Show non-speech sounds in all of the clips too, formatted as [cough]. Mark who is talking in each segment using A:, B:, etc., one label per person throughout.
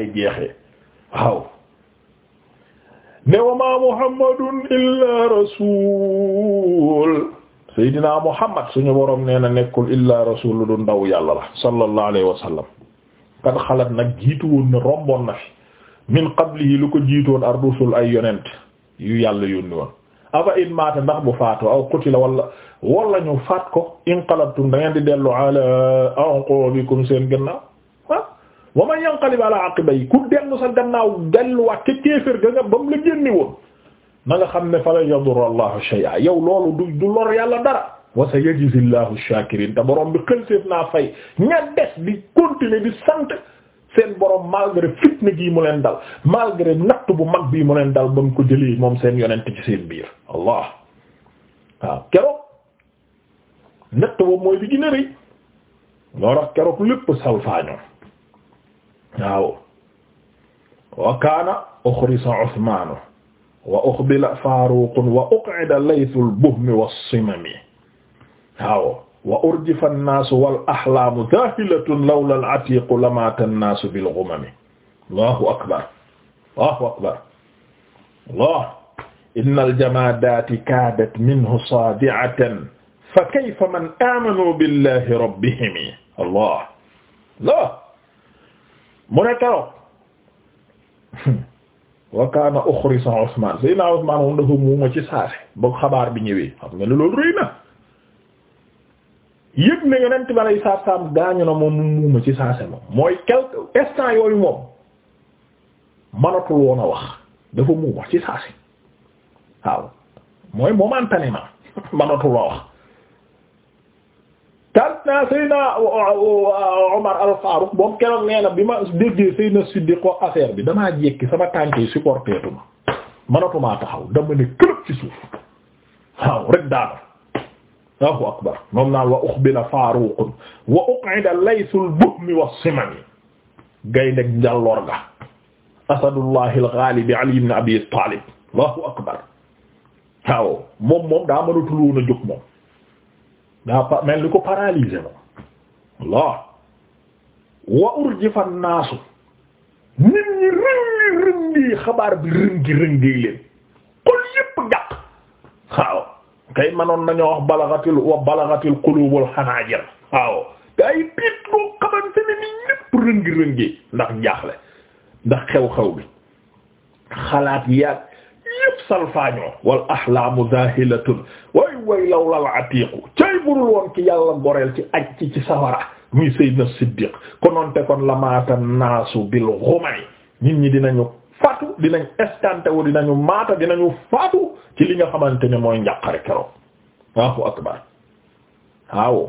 A: ay jeexee waaw ne wa ma muhammadun illa rasul seydina muhammad suñu borom nee na nekkul illa rasul lu du ndaw yàlla la sallallahu alayhi wa sallam xalat nag jiitu woon na romboon na fi min qablihi lu ko jiitoon ar rusul ay yonent yu yàlla yu woon afa in maata ndax bu faatoo aw qutila wala wala ñu faat ko inqalabtum da ngeen di dellu ala anqubikum seen gannaaw wa man yanqalib ala aqibayhi ku dellu sa gannaaw delluwaat ca kéefër ga nga ba mu la génne woon na nga xam ne fa la yadur allahu shay'a yow loolu du du lor yàlla dara wa sa yajzi llahu shakirin te borom bi xëlséef naa fay ña des di continuer di sant seen borom malgré fitna gii mu leen dal malgré natt bu mag bii mu leen dal ba mu ko jëlee moom seen yonent ci seen biir allah waaw keroog natt boobu mooy bi gën a rëy loo tax keroog lépp salfaañoo waaw wa kaana ukhrisa Usmaanu wa uqbila Faaruqun wa uq'ida laythul buhmi was-simami waaw wa urjifa an-naasu wal ahlaamu zaahilatun lawla al-atiiqu lamaata an-naasu bil ghumami Allahu akbar Allahu akbar Allah innal jamaadaati kaadat minhu saadi'atan fa kayfa man aamanuu billaahi rabbihim Allah Allah mu ne keroog wa kaana uxrisa Usmaan Seydina Usmaan moom dafa muuma ci saase ba xabaar bi ñëwee xam nga ne loolu rëy na yëg ne yonent bi alay saat saam gaañu na moom mu muuma ci saase moom mooy quelque instant yooyu moom manatul woon a wax dafa muuma ci saase waaw mooy momentanément [laughs] manatul a wax Kantaa Seydina Omar Al Farouk moom keroog nee na bi ma déggee Seydina Siddiq ko affaire bi damaa jékki sama tànk yi supporté tuma manatumaa taxaw dama ne kërëb ci suuf waaw rek daanu Allahu akbar moom naan wa uxbila Faaruqun wa uqida laysul buhmi wa simami gayndeg njàlloor ga asadullahi al-ghaalib Ali ibn Abi Taalib Allahu akbar waaw moom moom daa mënatul woon a jóg moom daa mel ni ko paralysé moom Allah wa urjifa naasu nit ñi rëngi rëngi xabaar bi rëngi rëngi leen xol yépp jàq waaw kay manoon nañoo wax balagatil wa balagatil xanaajir waaw gaa yi piit boo xamante ni ñépp rëngi rëngi ndax jaaxle ndax xew-xew bi xalaat yaag salfaañoo wal ahlaamu zaahilatun way way lawlal atiiqu cay burul woon ki yàlla goreel ci aj ci ci sawara muy sayyidna siddiq kononte kon lamaata naasu bil ghumay nit ñi dinañu faatu dinañ eskante wu dinañu maata dinañu faatu ci li nga xamante ne mooy njàqare keroog Allahu akbar waaw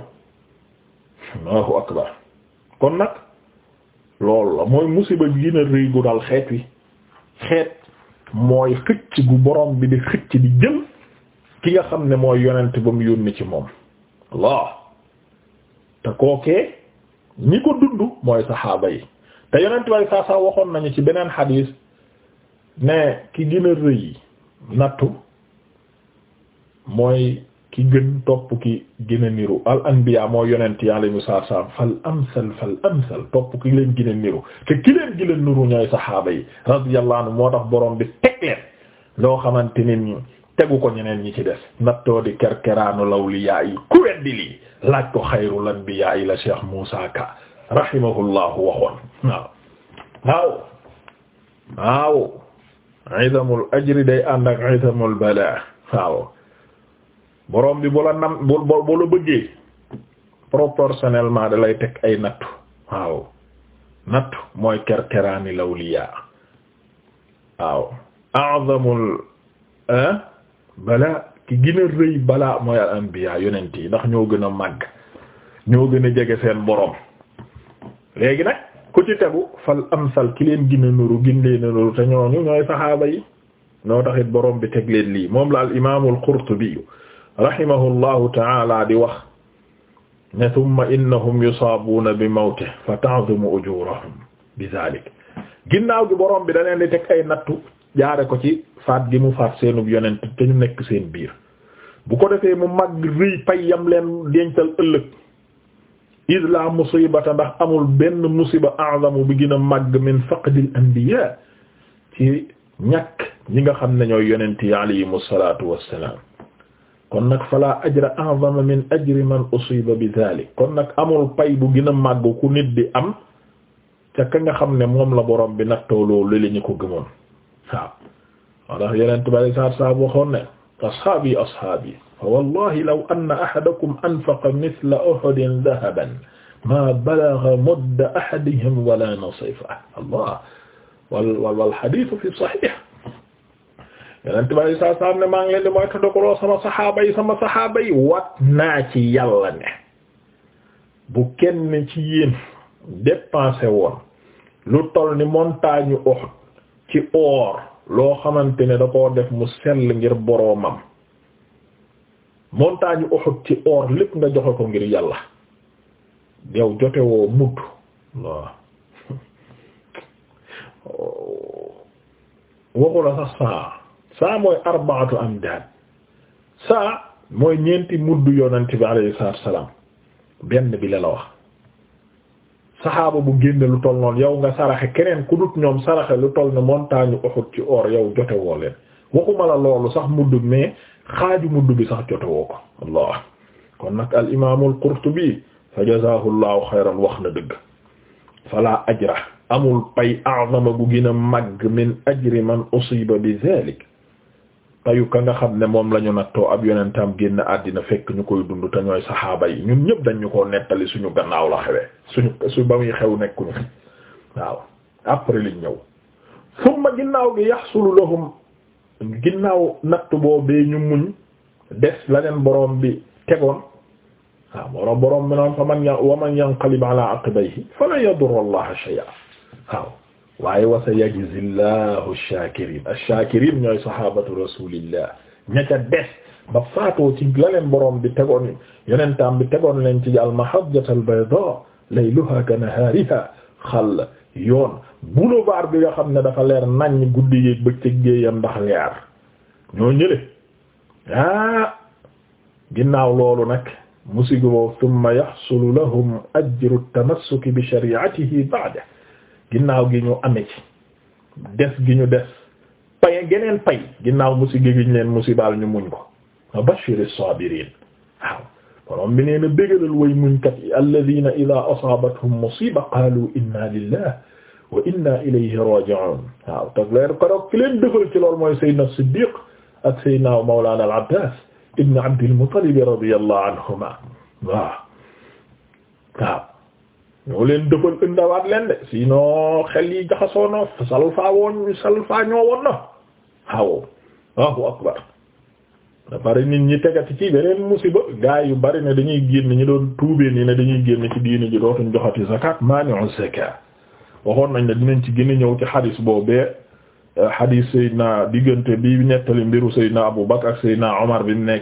A: Allahu akbar kon nag loolu la mooy musiba gi a rëy gu xeet wi xeet mooy xëcc gu borom bi di xëcc di jëm ki nga xam ne mooy yonent ba mu yónni ci moom Allah te kookee ñi ko dund mooy saxaaba yi te yonent way saa saa waxoon nañu ci beneen xadiis ne ki gina a rëy nattu mooy ki gën topp ki gën niru al moo yonent yi alayhimu salaam fal amsal fal amsal topp ki leen gën niru te ki leen gën niru ñooy saxaaba yi radiyallahu moo tax borom bi teg leen loo xamante ne tegu ko ñeneen ñi ci def nattoo di kerkeraanu lawliyaa yi ku weddi lii laaj ko xayrul anbiya yi la Cheikh Moussa Ka rahimahullahu waxoon waaw waaw waaw idamul ajri day ànd ak idamul balaa waaw borom bi bu la nam bu bu la bëggee proportionnellement da lay teg ay nattu waaw nattu mooy kerkeraani lawliyaa waaw a'zamul eh? balaa ki gën a rëy balaa mooy al anbiya yonent yi ndax ñoo gën a màgg ñoo gën a jege seen borom léegi nag ku ci tegu fal amsal ki leen gin a nuru gën leen a nuru te ñooñu ñooy saxaaba yi ñoo taxit borom bi teg leen lii moom la al imaamul Qurtubi rahimahullahu ta'ala di wax ne thumma innahum yusaabuuna bi mawtihi fa ta'zumu ujuurahum bi zaalik ginnaaw gi borom bi da leen di teg ay nattu jaare ko ci faat gi mu faat seenub yonent te ñu nekk seen biir bu ko defee mu mag rëy payam leen dencal ëllëg iz la musibata ndax amul benn musiba a'zamu bi gën a màgg min faqdil anbiya ci ñàkk ñi nga xam ne ñooy yonent yi alayhimu salaatu wassalaam kon nag fala ajra a'zama min ajri man usiba bi dhalik kon nag amul pay bu gën a màgg ku nit di am ca ka nga xam ne moom la borom bi nattoo loolu la ñu ko gëmoon waaw moo tax yeneen tubaab yi sax saabu waxoon ne ashaabi ashaabi fa wallahi law anna ahadakum anfaqa mithla uhudin dhahaban ma balagha mudda ahadihim wala nasifa allah wal wal hadith fi sahih yeneen tubaab yi saa saa ne maa ngi leen di moytandikuloo sama saxaaba yi sama saxaaba yi wat naa ci yàlla ne bu kenn ci yéen dépensé woon lu toll ni montagne Uhud ci or loo xamante ne da koo def mu sell ngir boroomam montagne Uhud ci or lépp nga joxe ko ngir yàlla yow jote mudd waaw [laughs] waxu la sax saa. saa mooy arbaatu amdaad saa mooy ñeenti mudd yonent bi alayhi salaatu salaam benn bi la la wax saxaaba bu génne lu toll noonu yow nga saraxe keneen ku ñoom saraxe lu toll ne montagne Uhud ci or yow jote woo leen waxuma la loolu sax mudd mais xaaju mudd bi sax jote woo ko allah kon nag al imaamul Qurtubi fa jazaahu llahu xayran wax na dëgg fala ajra amul pay a'zama gu gën a min ajri man usiba bi zalik payu ka nga xam ne moom lañu ñu nattoo ab yonentam génn àddina fekk ñu koy dund te ñooy saxaaba yi ñun ñëpp dañ ñu koo nettali suñu gannaaw la xewee suñu su ba muy xew nekkuñu fi waaw après liñ ñëw summa ginnaaw gi yaxsulu lahum ginnaaw natt boobee ñu muñ des la leen boroom bi tegoon waaw boroom boroom bi noon fa man waman yanqalib ala aqibayhi fala yadurru allaha shay'a waaw waaye wa sa yajzillahu ash-shakirin ash-shakirin ñooy sahabatu rasulillah ña ca des ba faatoo ci la leen boroom bi tegoon yonentam bi tegoon leen ci al mahajjatul bayda layluha ka nahariha xal yoon boulevard bi nga xam ne dafa leer nañ guddi yéeg bëccëg géeyam ndax leer ñoo ñële ah ginnaaw loolu nag musigo thumma yaxsulu lahum ajru at-tamassuki bi shari'atihi ba'da ginnaaw gi ñu ame ci des gi ñu des paye geneen pay ginnaaw musi gi ñu leen musibaal ñu muñ ko wa bashiri saabiriin waaw borom bi nee na bégalal way muñkat yi alladina ida asaabathum musiba qaalu inna lillah wa inna ilayhi raji'un waaw tag leer korog ki leen dëfal ci loolu mooy sayyidina siddiq ak sayyidina mawlana al abbas ibn abdil muttalib radiyallahu anhuma waaw waaw ñoo leen dëfal ëndawaat leen de sinon xel yi jaxasoo na salfa woon ñoo woon na waaw akbar da nit ñi tegati ci beneen musiba gaa yu bari ne dañuy génn ñu doon tuubee nii ne dañuy génn ci diini ji dootuñ joxati zakat mani'u zakat waxoon nañ ne dinañ ci gën ñëw ci xadis boobee xadis Seydina diggante bi nettali mbiru Seydina Abu Bakr ak Seydina Omar bi mu ne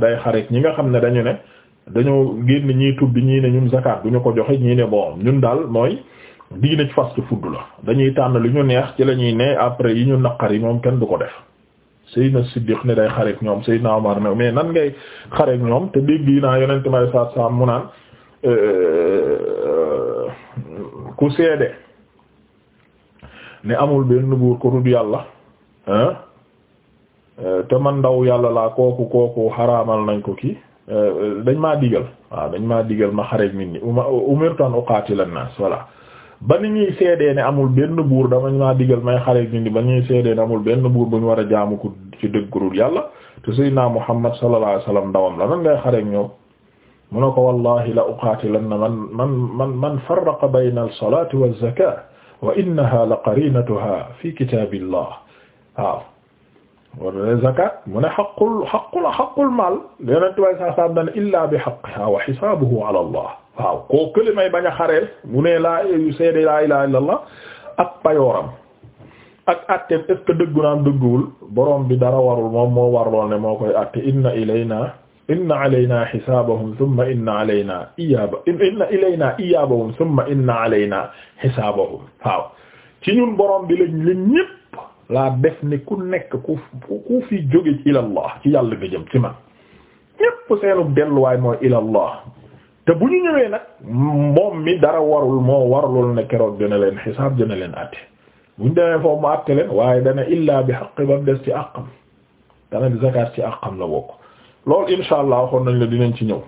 A: day xareek ñi nga xam ne dañu ne dañoo génn ñii tudd ñii ne ñun zakat du ñu ko joxe ñii ne bon ñun daal mooy diine fast food la dañuy tànn lu ñu neex ci la ñuy ne après yi ñu yi moom kenn du ko def Seydina Siddiq ne day xareek ñoom Seydina Omar na mais nan ngay xareek ñoom te dégg yi naa yonent may saat saam mu naan euh, ku seede ne amul benn buur ko dul yàlla euh, te man ndaw yàlla laa kooku kooku xaraamal nañ ko kii Euh, dañ maa digal dañ maa digal ma xareeg nit ñi umirtu an uqaatila an-naas voilà ba ni ñuy seedee ne amul benn buur damañ maa digal may xareeg nit ñi ba ñuy seedee ne amul benn buur bu ñu war a jaamu ko ci dëggurul yàlla te sayyidina Muhammad sallallahu alayhi wasallam ndawam la nan ngay xareeg ñoom mu ne ko wallahi la uqaatilanna man man man man farraqa bayna al-salaati wa az-zakaati wa innaha la qarinatuha fi kitaabillah waaw wala zakat mu ne xaqul xaqul xaqul maal yonent way saa saam dana illaa bi xaqqihaa wa xisaabuhu ala allah waaw koo këli may bañ a xareel mu ne laa yu seede laa ilaaha illallah ak payooram ak àtteem est ce que dëggu naam dëgguwul borom bi dara warul moom moo warlool ne moo koy àtte inna ilaynaa inna alaynaa xisaabahum summa inna alaynaa iyaaba inna ilaynaa iyaabahum summa inna alaynaa xisaabahum waaw ci ñun borom bi lañ lañ ñépp laa def ni ku nekk ku ku fi jóge ci ci yàlla nga jëm ci man ñépp seenu delluwaay mooy ilallah te bu ñu ñëwee nag moom mi dara warul moo warlul ne keroog dina leen xisaab dina leen àtte bu ñu demee foofu mu àtte leen waaye dana illaa bi xaqi ba mu des ci àqam dana di zakaat ci àqam la bokk loolu insha allah waxoon nañ la dinañ ci ñëw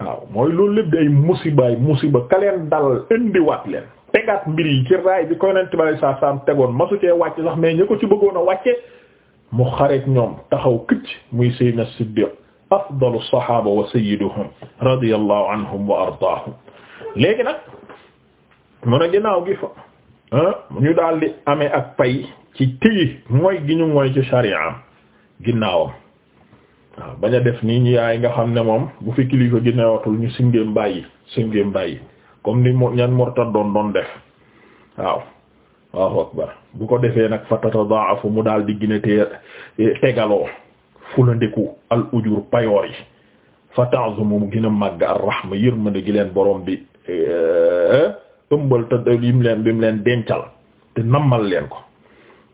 A: waaw mooy loolu lépp day musibaay musiba ka leen dal indiwaat leen tegaat mbir yi ci raay bi koy nent balay saa saam tegoon masu cee wàcc sax mais ñi ko ci bëggoon a wàcce mu xareek ñoom taxaw këcc muy sayyidina Siddiq afdalu sahaba wa sayyiduhum radiyallahu ardaahum léegi nag mun a ginnaaw gi fa ah, ñu daal di amee ak pay ci tigi mooy gi ñu mooy ci shari'am ginnaawam waaw def nii ñu yaay nga xam ne moom bu fi ko ginneewatul ñu singéem bàyyi singéem bàyyi comme ni mu ñan murtad doon doon def waaw waaw akbar bu ko defee nag fa tatadaafu mu daal di gina a te tegaloo fulandiku al ujur payoor fa ta'zumu mu gën a màgg ar-rahma yërmande gi leen borom bi eh, ëmbal te yim leen bi leen dencal te nammal leen ko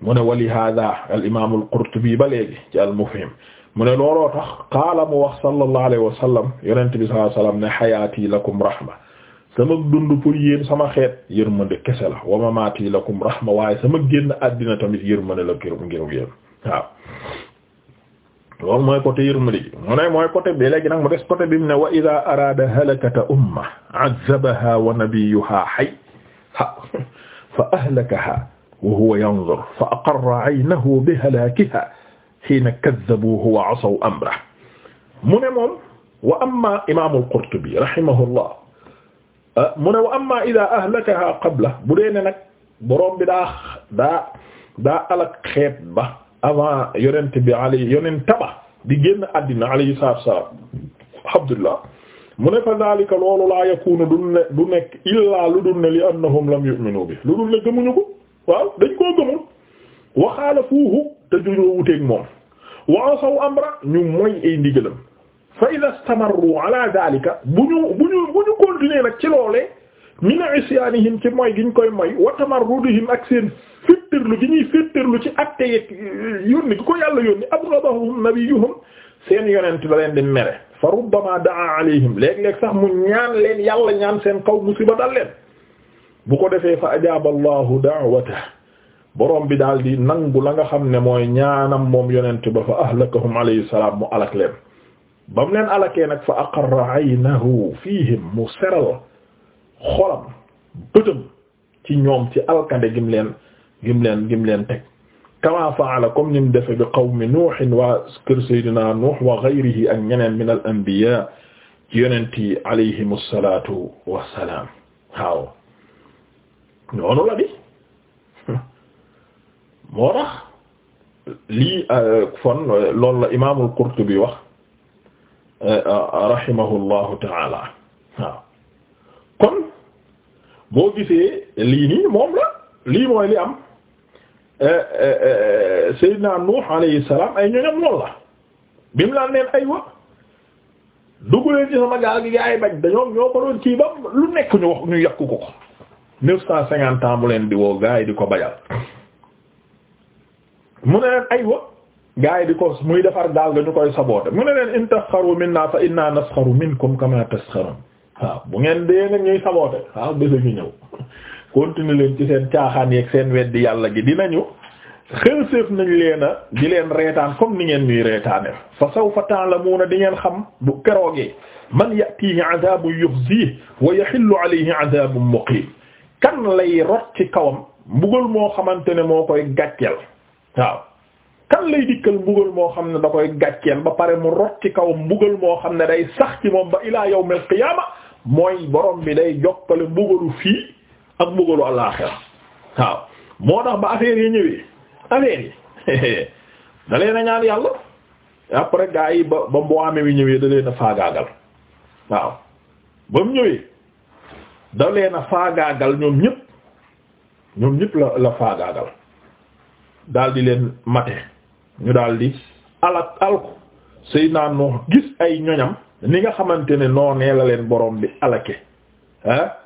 A: mu ne wali hada al imam al qurtubi ba léegi ci al mufhim mu ne looloo tax qaala mu wax sallallahu alayhi wa sallam yonent bi ne hayaati lakum rahma sama dund pour yéen sama xeet yërmande kese la wa mamaati lakum rahma waaye sama génn àddina tamit yërmande la kër ngir yéen waaw loolu mooy côté yërmande gi mu ne mooy côté bi léegi nag mu des côté bi mu ne wa ida araada halakata umma azzabaha wa nabiyuha hay ha fa ahlakaha wa huwa yanzur fa aqarra aynahu bi halakiha hiina kaddabuhu wa asaw amra mu ne moom wa amma imaamul Qurtubi rahimahullah Ah, mu ne wa amma ida ahlakaha qabla bu dee ne nag borom bi daa daa daa alak xeet ba avant yonent bi ali yonent ba di génn àddina alayhi salaatu wa salaam alhamdulillah mu ne fa daalika loolu laa yakunu du ne du nekk illaa lu dul ne li annahum lam yu'minu bi lu dul ne gëmuñu ko waaw dañ koo gëmul waxaala fuuhu te juñoo wuteeg moom wa asaw amra ñu moy ay ndigalam fa ida stamarru ala dalika bu ñu bu ñu bu ñu continuer nag ci loolee min isyaanihim ci mooy giñ koy moy wa tamarrudihim ak seen féttarlu gi ñuy féttarlu ci acte yeeg yónni gi ko yàlla yónni abghadahum nabiyuhum seen yonent da leen di mere fa rubbama daa alayhim léeg-léeg sax mu ñaan leen yàlla ñaan seen kaw musiba dal leen bu ko defee fa ajaaba allahu da'watah borom bi daal di nangu la nga xam ne mooy ñaanam moom yonent ba fa ahlakahum alayhi salaam mu alak leen ba mu leen nag fa aqarra aynahu fihim mu seral xolam bëtam ci ñoom ci alkande gim leen gim leen gim leen kama faala comme ni mu defe bi qawmi nuuhin waa kër saydina wa gayrihi ak ñeneen min al anbiya ci yonent yi alayhim alsalatu wassalaam waaw noonu [laughs] lii fon euh, loolu la imaamul Qurtubi wax Eh, rahimahullahu taala kon boo gisee lii nii moom la lii mooy li am eh, eh, Seydina Nuux alayhi ay ñoñam lool la bi mu laan neen aywa dugg leen ci sama gaal gi gaa yi dañoom ñoo ko doon ba lu nekk ñu wax ñu yàq ko ko neuf cent cinquante ans mu leen di woo gaa di ko bajal mu ne leen aywa gaa yi di ko muy defar daal dañu koy saboote mu ne leen in tasxaru minna fa inna nasxaru minkum kama tasxarun waaw bu ngeen dee nag ñuy saboote waaw bés ñu ñëw [laughs] continuer leen ci seen caaxaan yeeg seen weddi yàlla gi dinañu xëlséef nañ leen a di leen reetaan comme ni ngeen ñuy reetaaneel fa sawfa ta'lamuna di ngeen xam bu keroogee man yatihi adabun yuxzihi wa yaxillu alayhi adabun muqim kan lay rot ci kawam mbugal moo xamante ne moo koy gàcceel waaw kan lay dikkal mbugal moo xam ne da koy gàcceel ba pare mu rot ci kaw mbugal moo xam ne day sax ci moom ba ilaa yawmil qiyaama mooy borom bi day jokkale mbugalu fii ak mbugalu alaaxira waaw moo tax ba affaire yi ñëwee affaire yi [laughs] da leen a ñaan yàlla après gaa yi ba ba ñëwee da leen a faagaagal waaw ba mu ñëwee da leen a faagaagal ñoom ñëpp ñoom ñëpp la faagaagal daal di leen mate ñu daal di alak alku Seydina Nuux gis ay ñoñam ni nga xamante ne noonee la leen borom bi alake ah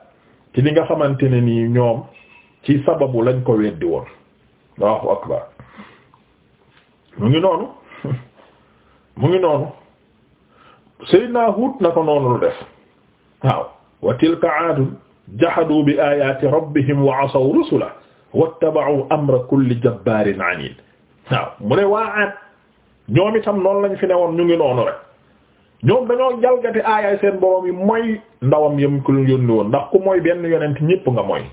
A: ci li nga xamante ne nii ñoom ci sababu lañ ko weddi woon Allahu akbar mu ngi noonu [laughs] mu ngi noonu Seydina Huud na ko noonu lu def waaw wa tilka aadun jahadu bi ayati rabbihim wa asaw rusula wattaba'u amra kulli jabbaarin anid waaw mu waa aat ñoom itam noonu lañ fi ne woon ñu ngi noonu rek ñoom dañoo jalgati aayaay seen borom yi mooy ndawam yam ku yónni woon ndax ku mooy benn yonent ñépp nga mooy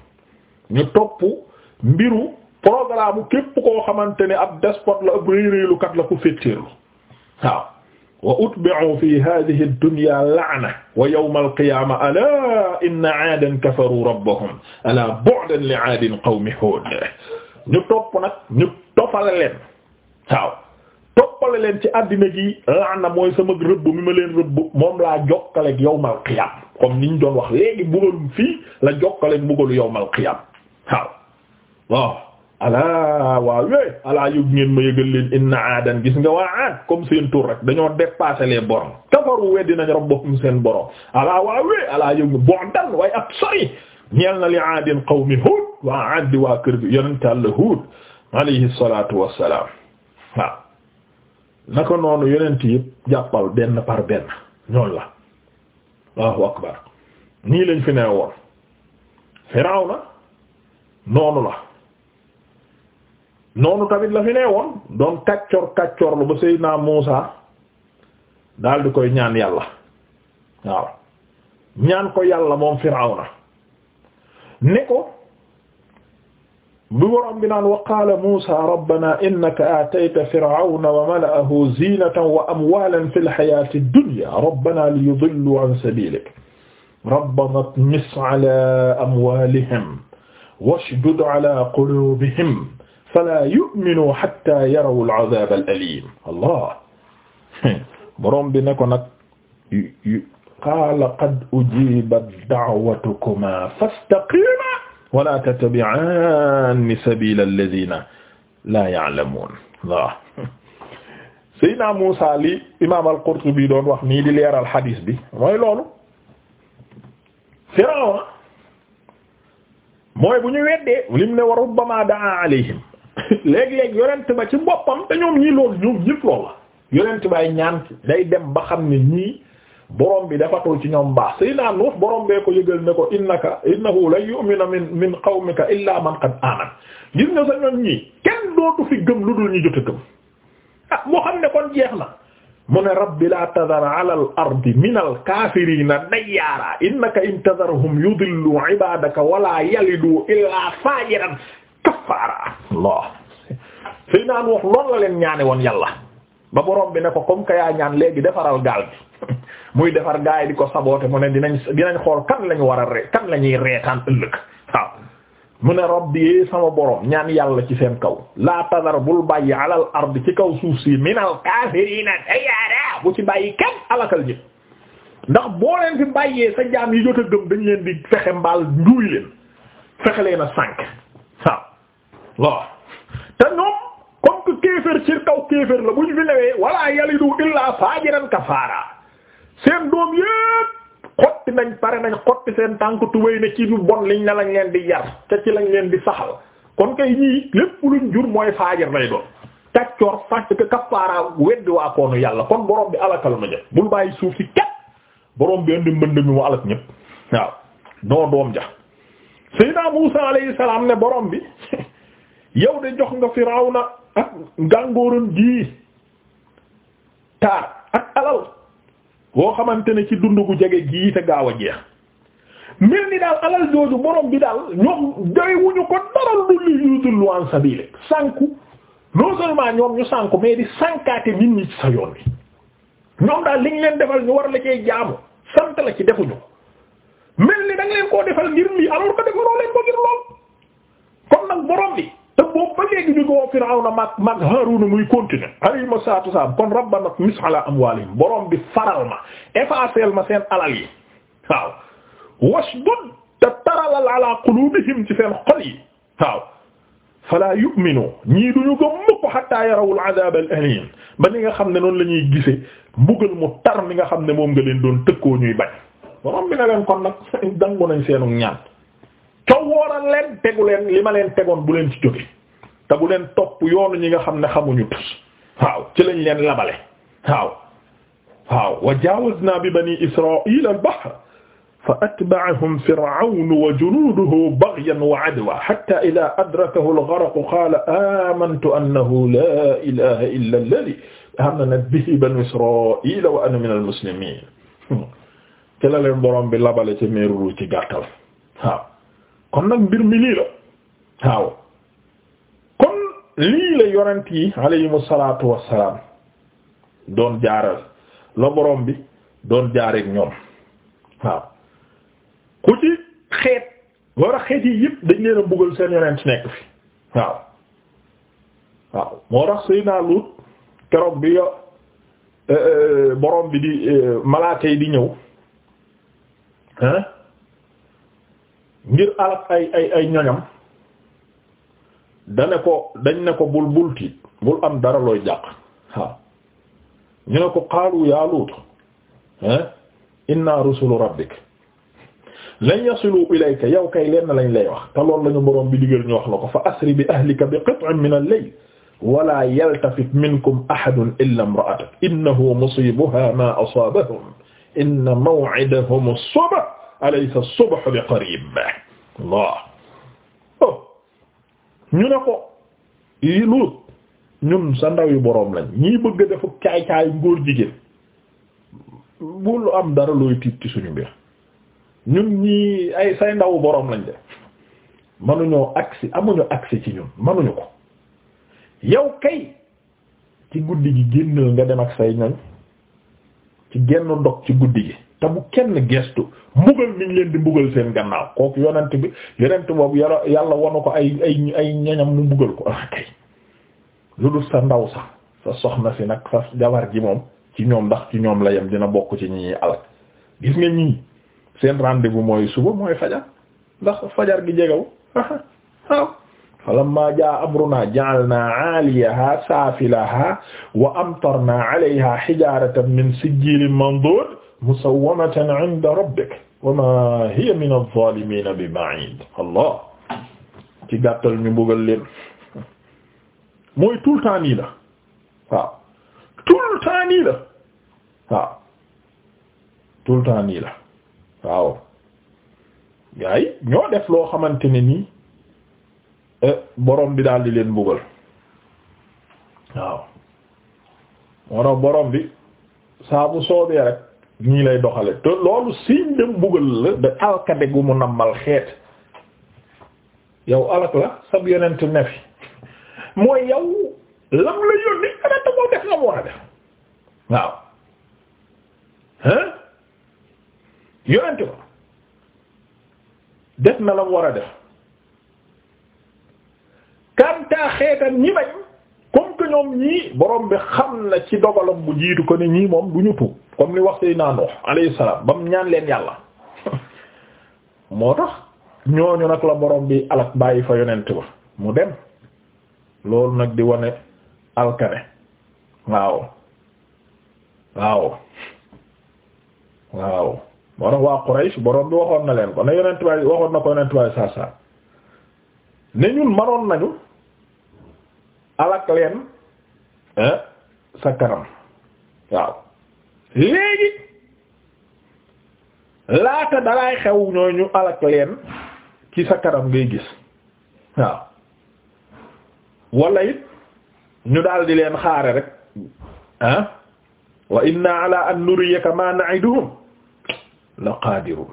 A: ñu topp mbiru programme képp koo xamante ni ab despote la ab réeréelu kat la ku féttéerlu waaw wa utbi'u fi hadhihi ad-dunya la'na wa yawm al-qiyamah ala inna 'adan kafaru rabbahum ala bu'dan li 'adin qawmi hud ñu topp nag ñu toppale leen waaw toppale leen ci àddina gi laana mooy sama rëbb mi ma leen rëbb moom laa jokkaleek yawmal qiyam comme niñ doon wax léegi mbugalum fii la jokkaleek mbugalu yawmal qiyam waaw waaw alaa waaw alaa yëg ngeen ma yëgal leen inna aadan gis nga waa aad comme seen tur rek dañoo dépassé les bornes kafaru weddi nañ rabbahum seen borom alaa waaw yooyu alaa yëg nga bondan waaye ab sori ñeel na li aadin qawmi hud waa Aad waa kër gi yonent Yàlla Huud alayhi salaatu wassalaam waaw naka noonu yonent yëpp jàppal benn par benn ñoon la Allahu akbar nii lañ fi nee woon Firawna noonu la noonu tamit la fi nee woon doon kàccor kàccor lu ba Seydina Muusa daal di koy ñaan yàlla waaw ñaan ko yàlla moom Firawna ne ko bu boroom bi naan wa qaala Muusa rabbana innaka aatayta Firawna wa mala'ahu ziinatan wa amwaalan fil hayaati dunya rabbana liyudillu an sabiilik rabbana tmis ala amwaalihim washdud ala quluubihim falaa yu'minuu hattaa yarawul azaabal aliim. Allah [laughs] boroom bi ne ko nag qaala qad ujiibat da'watukumaa fastaqiimaa wala tattabi'anni sabila alladhina la ya'lamun waaw Seydina Muusa li imaam al-Qurtubi wax nii di leeral xadiis bi mooy loolu Firawna mooy bu ñu weddee lim ne wa rubbama daa alayhim léeg-léeg yonent ba ci boppam te ñoom ñii loolu ñoom ñëpp loolu la yonent baay ñaan day dem ba xam ne ñii borom bi defatul ci ñoom baax Seydina Nuux borom bee ko yëgal ne ko innaka lan yu'mina min min qawmika illa man qad aamana gis nga sa ñoom ñii kenn dootu fi gëm lu dul ñu jot a gëm ah moo xam ne mu ne rabbi laa tadar ala al ardi al kaafiriina dayyaaraa innaka in tadarhum yudillu ibaadaka wala yalidu illaa faajiran kaffaaraa Allah woon yàlla ba boroom bi ne ko comme que yaa ñaan léegi defaral gaal bi [laughs] muy defar gaay di ko saboote mu ne dinañ dinañ xool kan lañu war a ree kan la ñuy reetaan ëllëg [laughs] waaw mu ne rabbi sama borom ñaan yàlla ci seen kaw laa tadar bul bàyyi alal ard ci kaw suuf si minal kaafiriina dayyaara bu ci bàyyi kenn alakal ñëpp ndax boo leen fi bàyyee sa jaam yi jot a gëm dañ leen di fexe mbaal nduuy leen fexe leen a sànk waaw te ñoom kéefër ci kaw bu ñu fi newee wala yalidu illaa faajiran kafaara doom yépp xotti nañ pare nañ xotti seen tànk tubéy ne ci lu bon di yar lañ leen di saxal kon kay ñii lépp mooy faajir lay doon parce que kafaara weddi waa koonu yàlla kon borom bi alakal ma jël bul bàyyi suuf si kat borom bi indi mbënd mi mu alak ñépp waaw noo doom ja Seydina Muusa alayhi ne borom bi [laughs] yow de jox nga Firawna ak gàngooram gii taar ak alal boo xamante ne ci dund gu jege gii te gaaw a jeex mbir ni daal alal jooju borom bi daal ñoom doy wuñu ko daral du li yudullu an sabile sànku non seulement ñoom ñu sànku mais di sànkaate nit ñi ci sa yoon bi ñoom daal li leen defal ñu war la cee jaamu sant la ci defuñu mel ni da leen koo defal ngir lii alors que defaroo leen ko ngir lool kon nag borom bi te boobu ba léegi ñu ko Firawna mag mag Haaruna muy continuer alayhima salaatu wa salaam kon rabbana mis ala amwaalihim borom bi alal yi waaw wasdud te taralal ala quluubihim ci seen xol yi waaw falaa yu'minu ñii duñu ko mukk hatta yarawul adaab ba ni nga xam ne noonu la ñuy gisee mbugal mu tar mi nga xam ne moom nga leen doon tëkkoo ñuy bañ borom bi na leen kon nag dangu nañ seenu ñaan coow wooral leen tegu leen li ma leen tegoon bu leen ci jóge te bu leen topp yoonu ñi nga xam ne xamuñu ci lañ leen labale waaw waaw wa jaawazna bi bani israil al bahr fa atba'ahum fir'awn wa junuuduhu baghyan wa 'adwa hatta idha adrakahu al-gharaqu qala la ilaha illa alladhi amanat bihi banu israila wa ana min al-muslimin hmm. ci la bi labale ci meerulu ci gàttal kon nag mbir mi lii la waaw kon lii la yonent yi alayhimu salaatu wassalaam doon jaaral la borom bi doon jaareek ñoom waaw ku ci xeet war a xeet yi yëpp dañ leen a bëggal seen yonent nekk fi waaw waaw moo tax Seydina Luut keroog bi yo eh, eh, borom bi di eh, malaaka yi di ñëw hein ngir alak ay ay ay ñoñam da ne ko dañ ne ko bul bul tiit bul am dara looy jàq waaw ñu ne ko qaalu yaa Luut inna rusulu rabbik lan yasilu ilayka yow kay lenn lañ lay wax te loolu lañu boroom bi digal ñu wax la ko fa asri bi ahlika bi qit'in min al-layl wala yaltafit minkum ahadun illa imra'atak innahu musibuha ma asabahum inna maw'idahum as-subh alaysa as-subhu bi qarib Allah oh. ñu ne ko yi Luut ñun sa ndaw yu boroom lañ ñii bëgg defu caay-caayu ngóor jigéen bu lu am dara looy tiit ci suñu mbir ñun ñii ay say ndawu boroom lañ de manuñoo agsi amuñu agsi ci ñun manuñu ko yow kay ci guddi gi génnal nga dem ak say ñoñ ci genn dog ci guddi gi te bu kenn gestu mbugal niñ leen di mbugal seen gannaaw kooku yonent bi yonent boobu yàlla yàlla wanu ko ay ay ay ñañam mu mbugal ko ah kay lu dul sa ndaw sax soxna si nag sa jabar ji moom ci ñoom ndax ci ñoom la yem dina bokk ci ñi alal gis nga ñii seen rendez mooy suba mooy fajar ndax fajar gi jegaw [laughs] waaw falamma jaa amruna ja'alna 'aliyaha safilaha wa amtarna 'alayha hijaratan min sijilin mandud musawwamatan 'inda rabbik wa ma hiya min adh-dhalimin bi allah ci gàttal ñu mbugal leen mooy tout le temps nii la waaw tout le temps nii la waaw tout ñoo def loo xamante ne nii eh, borom bi daal di leen mbugal waaw moo tax bi saa bu soobee rek ñii lay doxale te loolu signe de mbugal la da alkade gu mu nammal xeet yow alak la sab yonent ne fi mooy yow lam la yónni arata moo def la mu war a def waaw hein yonent ba def na la mu war a def kanta xeetam ñi bañ comme que ñoom ñii borom bi xam na ci dogalam bu jiitu ko ne ñii moom du tuub comme li wax Seydina Nuux alayhi salaam ba mu ñaan leen yàlla [laughs] moo tax ñooñu nag la borom bi alak bàyyi fa yonent ba mu dem loolu nag di wone alkane waaw waaw waaw moo tax waa Quraysh borom bi waxoon na leen ko ne yonent ba waxoon na ko yonent ba saa saa ne ñun maroon nañu alak leen eh, sa kanam waaw léegi laata dalaay xew ñooy ñu alak leen ci sa kanam ngay gis waaw wala it ñu daal di leen xaare rek ah wa inna ala an nuriyaka ma la qadirun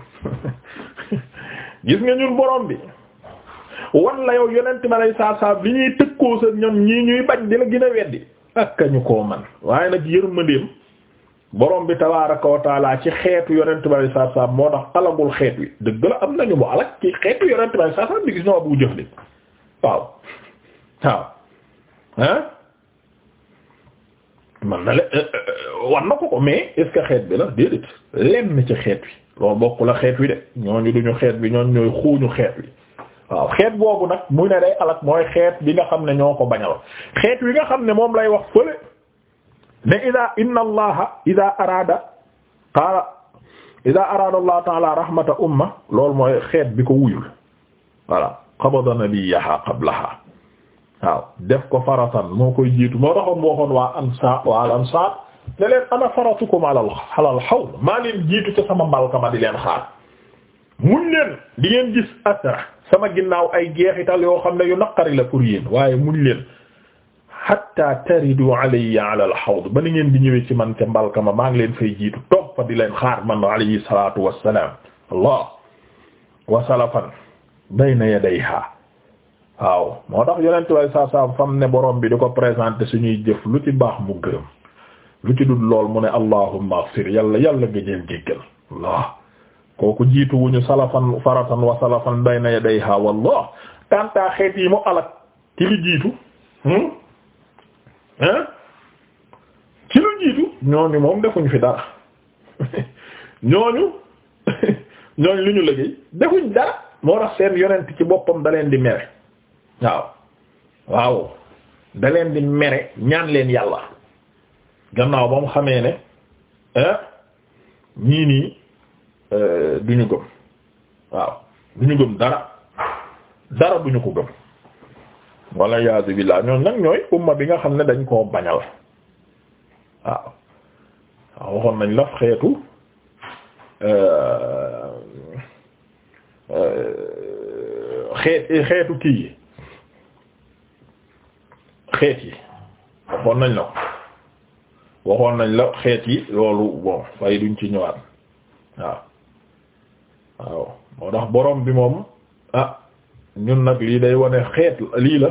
A: [laughs] gis nga ñun borom bi wan la yow yonent ma lay saa saa li ñuy tëkkoo sa ñoom ñii ñuy bañ di la gën a weddi ak kañu koo man waaye nag yërmandeem borom bi tabaaraka wa taala ci xeetu yonent ma lay saa saa moo tax alagul xeet wi dëgg la am nañu mu alag ci xeetu yonent ma lay saa saa bi gis ñoo bu jëf de waaw waaw ah man na le euh, euh, war na ko ko mais est que xeet bi la déedéet lenn ci xeet wi loolu bokk la xeet wi de ñooñu duñu xeet bi ñooñu ñooy xuuñu xeet wi waaw xeet boobu nag muy ne day alak mooy xeet bi nga xam ne ñoo ko bañal xeet wi nga xam ne moom lay wax fële ne ida inna allaha ida araada qaala ida araada allah taala rahmata umma loolu mooy xeet bi ko wuyul voilà qabada nabiyaha qablaha waaw def ko faratan moo koy jiitu moo taxoon waxoon waa ansaar waa ansaar leen ana faratukum alal alal xawl maa leen jiitu ca sama mbalka ma di leen xaar muñ leen di ngeen gis asra sama ginnaaw ay jeexital yoo xam ne yu naqari la pour yéen waaye muñ leen hatta taridu alayya ala al-hawd ba ni ngeen di ñëwee ci man ca mbalka ma maa ngi leen fay jiitu toog fa di leen xaar man alayhi salatu wassalam allah wa salafan bayna yadayha waaw moo tax yonent way saa saa fam ne borom bi di ko présenter suñuy jëf lu ci baax mu gërëm lu ci dul lool mu ne allahumma ighfir yàlla yàlla nga jël jéggal allah kooku jiitu wuñu salafan faratan wa salafan bayna yadayha wallah tanta xeet yi mu alak ci lu jiitu hmm? hein ci lu jiitu ñooñu moom defuñ fi dara [laughs] ñooñu [laughs] ñooñu lu ñu liggéey defuñ dara moo tax seen yonent ci boppam da leen di mere waaw waaw da leen di mere ñaan leen yàlla gannaaw ba mu xamee ne ñii nii Euh, du ñu gëm waaw duñu ñu gëm dara dara du ñu ko gëm walla yaazu billaah ñooñ nag ñooy umma bi nga xam ne dañ koo bañal waaw waxoon nañ la xeetu euh, euh, xeet xeetu kii yi xeet yi waxoon nañ la ko waxoon nañ la xeet yi loolu bon fay duñ ci ñëwaat waaw waaw moo tax borom bi moom ah ñun nag lii day wane xeet lii la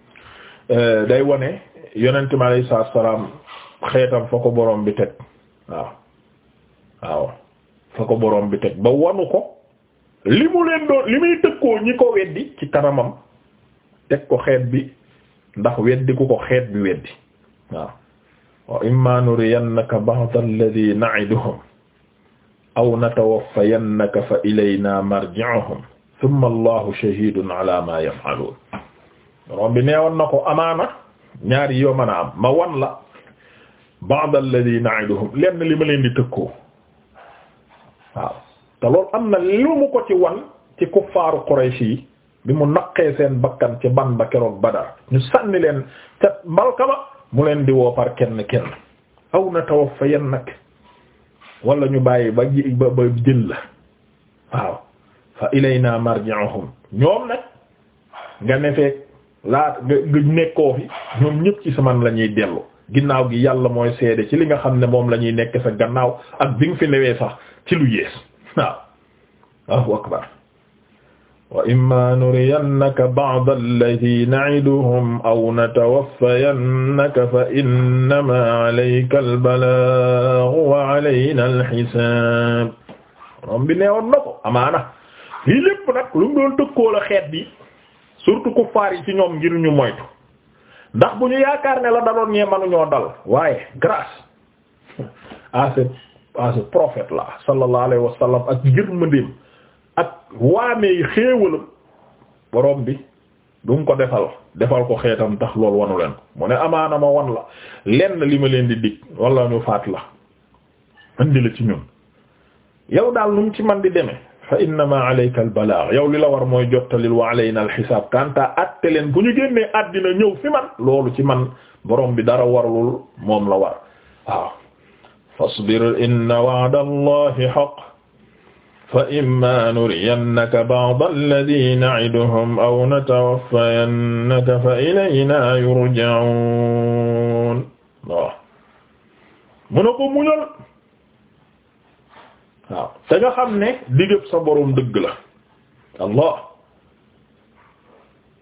A: [coughs] day wone yonent mi alayhi salaam xeetam fa ko boroom bi teg waaw waaw fa ko borom bi teg ba wanu ko li mu leen doon li muy tëkkoo ñi ko weddi ci kanamam teg ko xeet bi ndax weddi ku ko xeet bi weddi waaw wa imma nuriyannaka ba'd alladhi na'iduhum aw natawaffayannaka fa ilaynaa marji'uhum thumma allahu shahidun ala ma yaf'alun borom bi neewoon na ko amaana ñaari yoo mën a am ma wan la ba'd alladhi na'iduhum lenn li ma leen di tëkkoo waaw te loolu am na lu mu ko ci wan ci kuffaaru Quraysh yi bi mu naqee seen bakkan ci ban ba keroog Badar ñu sànni leen ca mbalka ba mu leen di woo par kenn kenn aw natawaffayannaka wala ñu bàyyi ba jël la waaw fa ilayna marji'uhum ñoom nag nga ne fekk laa nga nekkoo fi ñoom ñëpp ci saman la ñuy dellu ginnaaw gi yàlla mooy seede ci li nga xam ne moom la ñuy nekk sa gannaaw ak bi nga fi newee sax ci lu yées waaw waaw akbar wa imma nuriyannaka ba'da allazii na'iduhum aw natawaffayannaka fa innamaa alayka al-balaagu wa alaynaa al-hisaab rom bi neewoon na ko amaana lii lépp nag lu mu doon tëkkoo la xeet bi surtout kuffaar yi ci ñoom ngir ñu moytu ndax bu ñu yaakaar ne la daloon ñee mënuñoo dal waaye grâce à ce à ce prophète là sallallahu alayhi wa sallam ak ngir mëndeem waamee xéewalam borom bi du mu ko defal defal ko xeetam tax lool wanu leen mu ne amaana ma wan la lenn li ma leen di dig wala ñu faat la indi la ci ñun yow daal nu mu ci man di demee fa innama alayka al balagh yow li la war mooy jottalil wa alayna al xisaab kanta atte leen bu ñu génnee àddina ñëw fi man loolu ci man borom bi dara warlul moom la war waaw fasbir inna wa'da allahi haqq fa imma nuriyannaka ba'da alladhi na'iduhum aw natawaffayannaka fa ilayna yurja'un waaw mu ne xam ne digëb sa boroom dëgg la allah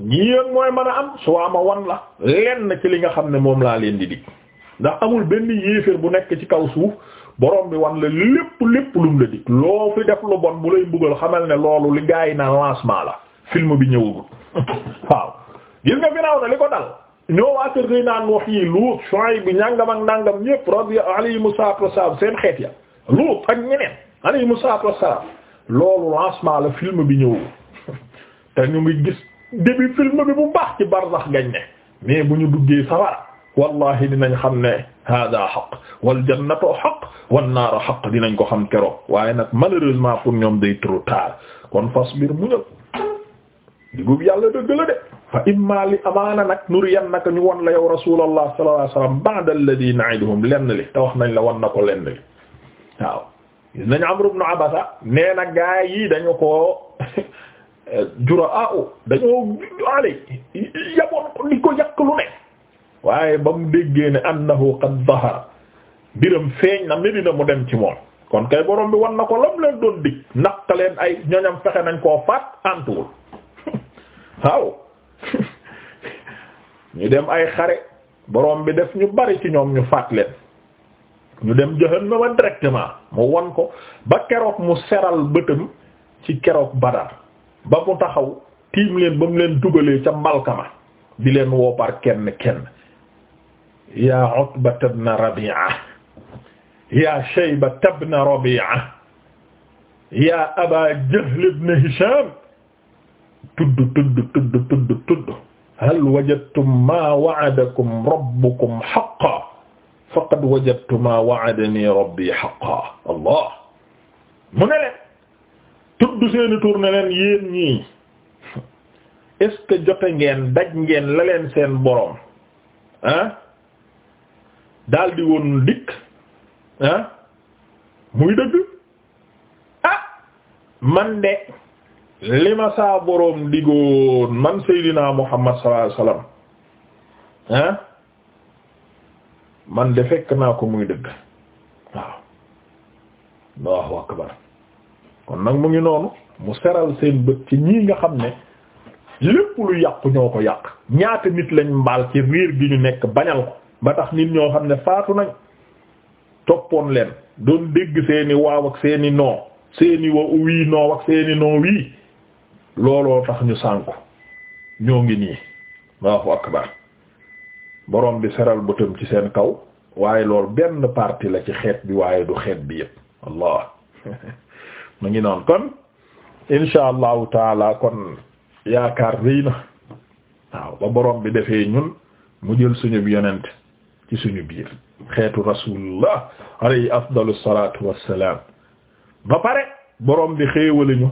A: ñii yoon mooy mën a am suwaama wan la lenn ci li nga xam ne moom laa leen di dig ndax amul benn yéeféer bu borom bi wan la lépp lépp lum la dig loo fi def lu bon bu lay mbugal xamal ne loolu li gaa yi naan lancement la film bi ñëwagul [laughs] waaw gis nga finaaw na li ko dal ñoo waa kër gay naan wax yi Luut Shuayb bi ñàngam ak nàngam ñépp rabbi alayhimu salaatu wassalaam seen xeet ya Luut ak ñeneen alayhimu salaatu wassalaam loolu lancement la film bi ñëwagul [laughs] te ñu ngi gis début film bi bu baax ci barzax gañ ne mais bu ñu duggee safara wallahi dinañ xam ne hada xaq wal jannatu xaq wan naaru xaq dinañ ko xam keroog waaye nag malheureusement pour ñoom day trop tard kon fasbir muñal digub yàlla dëgg la de fa imma li amaana nag ñu won la yow rasulallah sallallahu alayhi wasallam ba'da alladhi wax nañ la won na ko lenn li waaw nañ Amr ibn Abasa nee na yi dañu koo [laughs] jura a ah, dañoo ale yaboon ko di ko yàq ne waaye ba mu déggee ne annahu qad zahara biram feeñ na Medina mu dem ci moom kon kay borom bi wan na ko lam leen doon dig naq leen ay ñoñam fexe nañ koo faat antuwul [laughs] waaw [laughs] ñu dem ay xare boroom bi def ñu bari ci ñoom ñu faat leen ñu dem jahannama directement mu wan ko ba keroog mu seral bëtam ci keroog Badar ba mu taxaw tiim leen ba mu leen dugalee ca mbalkama di leen woo par kenn kenn yaa Utbata bna Rabi'a yaa Shaybata bna Rabi'a yaa Abaa Jahl bna Hishaam tudd tudd tudd tudd tudd hal wajadtum maa wa'adakum rabbukum haqqan faqad wajadtu maa wa'adanii rabbii haqqan Allah mu ne leen tudd seeni tur ne leen yéen ñii est-ce que jote ngeen daj ngeen la leen seen boroom ah daldi di woon dikk ah, muy dëgg ah man de li ma saa boroom digoon man Seydina Muhammad sallallahu ah, man de fekk naa ko muy dëgg waaw Allahu akbar kon nag mu ngi noonu mu seral seen bët ci ñii nga xam ne lépp lu yàqu ñoo ko yàq ñaata nit lañ mbaal ci riir gi ñu nekk bañal ko ba tax nit ñoo xam ne faatu nag toppoon leen doon dégg seeni waaw ak seeni noo seeni wa noo ak seeni noo wii looloo tax ñu sànku ñoo ngi nii Allahu akbar borom bi seral bëtam ci seen kaw waaye lool benn partie la ci xeet bi waaye du xeet bi yépp Allah [laughs] mu ngi noonu kon insha allahu taala kon yaakaar rëy na waaw ba borom bi defee ñun mu jël suñu yonent ci suñu biir xeetu rasulullah alayhi afdalu salatu wassalam ba pare borom bi xéewaluñu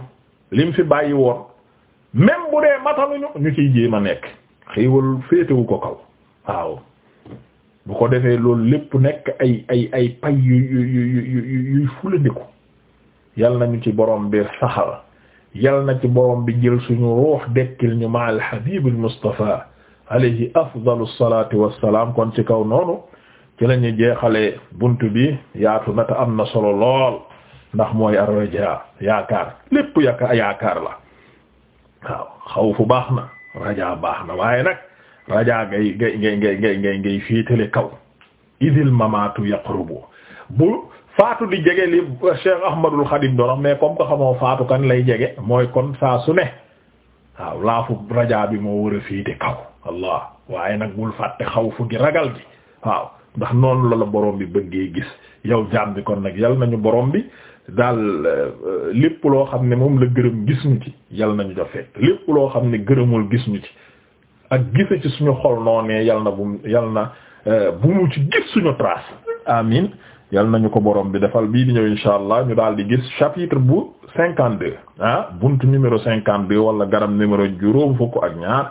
A: lim fi bàyyi woon même bu dee mataluñu ñu ciy jéem a nekk xéewal féetewu ko kaw waaw bu ko defee loolu lépp nekk ay ay ay pay yu yu yu yuy fulandiku yal nañu ci borom bi saxal yal na ci borom bi jël suñu ruux dekkil ñu ma al habibul alayhi afdalu salaati wassalaam kon ci kaw noonu ci la ñu jeexalee buntu bi yaatu na te am na solo lool ndax mooy ar-rajaa yaakaar lépp yaakaar la waaw xawfu baax na rajaa baax na waaye nag rajaa ngay ngay ngay ngay kaw idil mamaatu yaqrubu bu faatu di jege li Cheikh Ahmadul Xadim doon mais comme que xamoo faatu kan lay jege mooy kon saa ne waaw laafu rajaa bi moo war a kaw allah waaye nag bul fàtte xawfu gi ragal gi waaw ndax noonu la la borom bi bëggee gis yow jaam bi kon nag yal nañu borom bi daal euh, lépp loo xam ne moom la gërëm gis ñu ci yal nañu ca fekk lépp loo xam ne gërëmul gis ñu ci ak gise ci suñu xol noonee yal na bu na euh, bu mu ci gis suñu trace amin yal nañu ko borom bi defal bii di ñëw insha allah ñu daal di gis chapitre bu cinquante deux ah buntu numéro cinquante deux wala garab numéro juróom fukk ak ñaar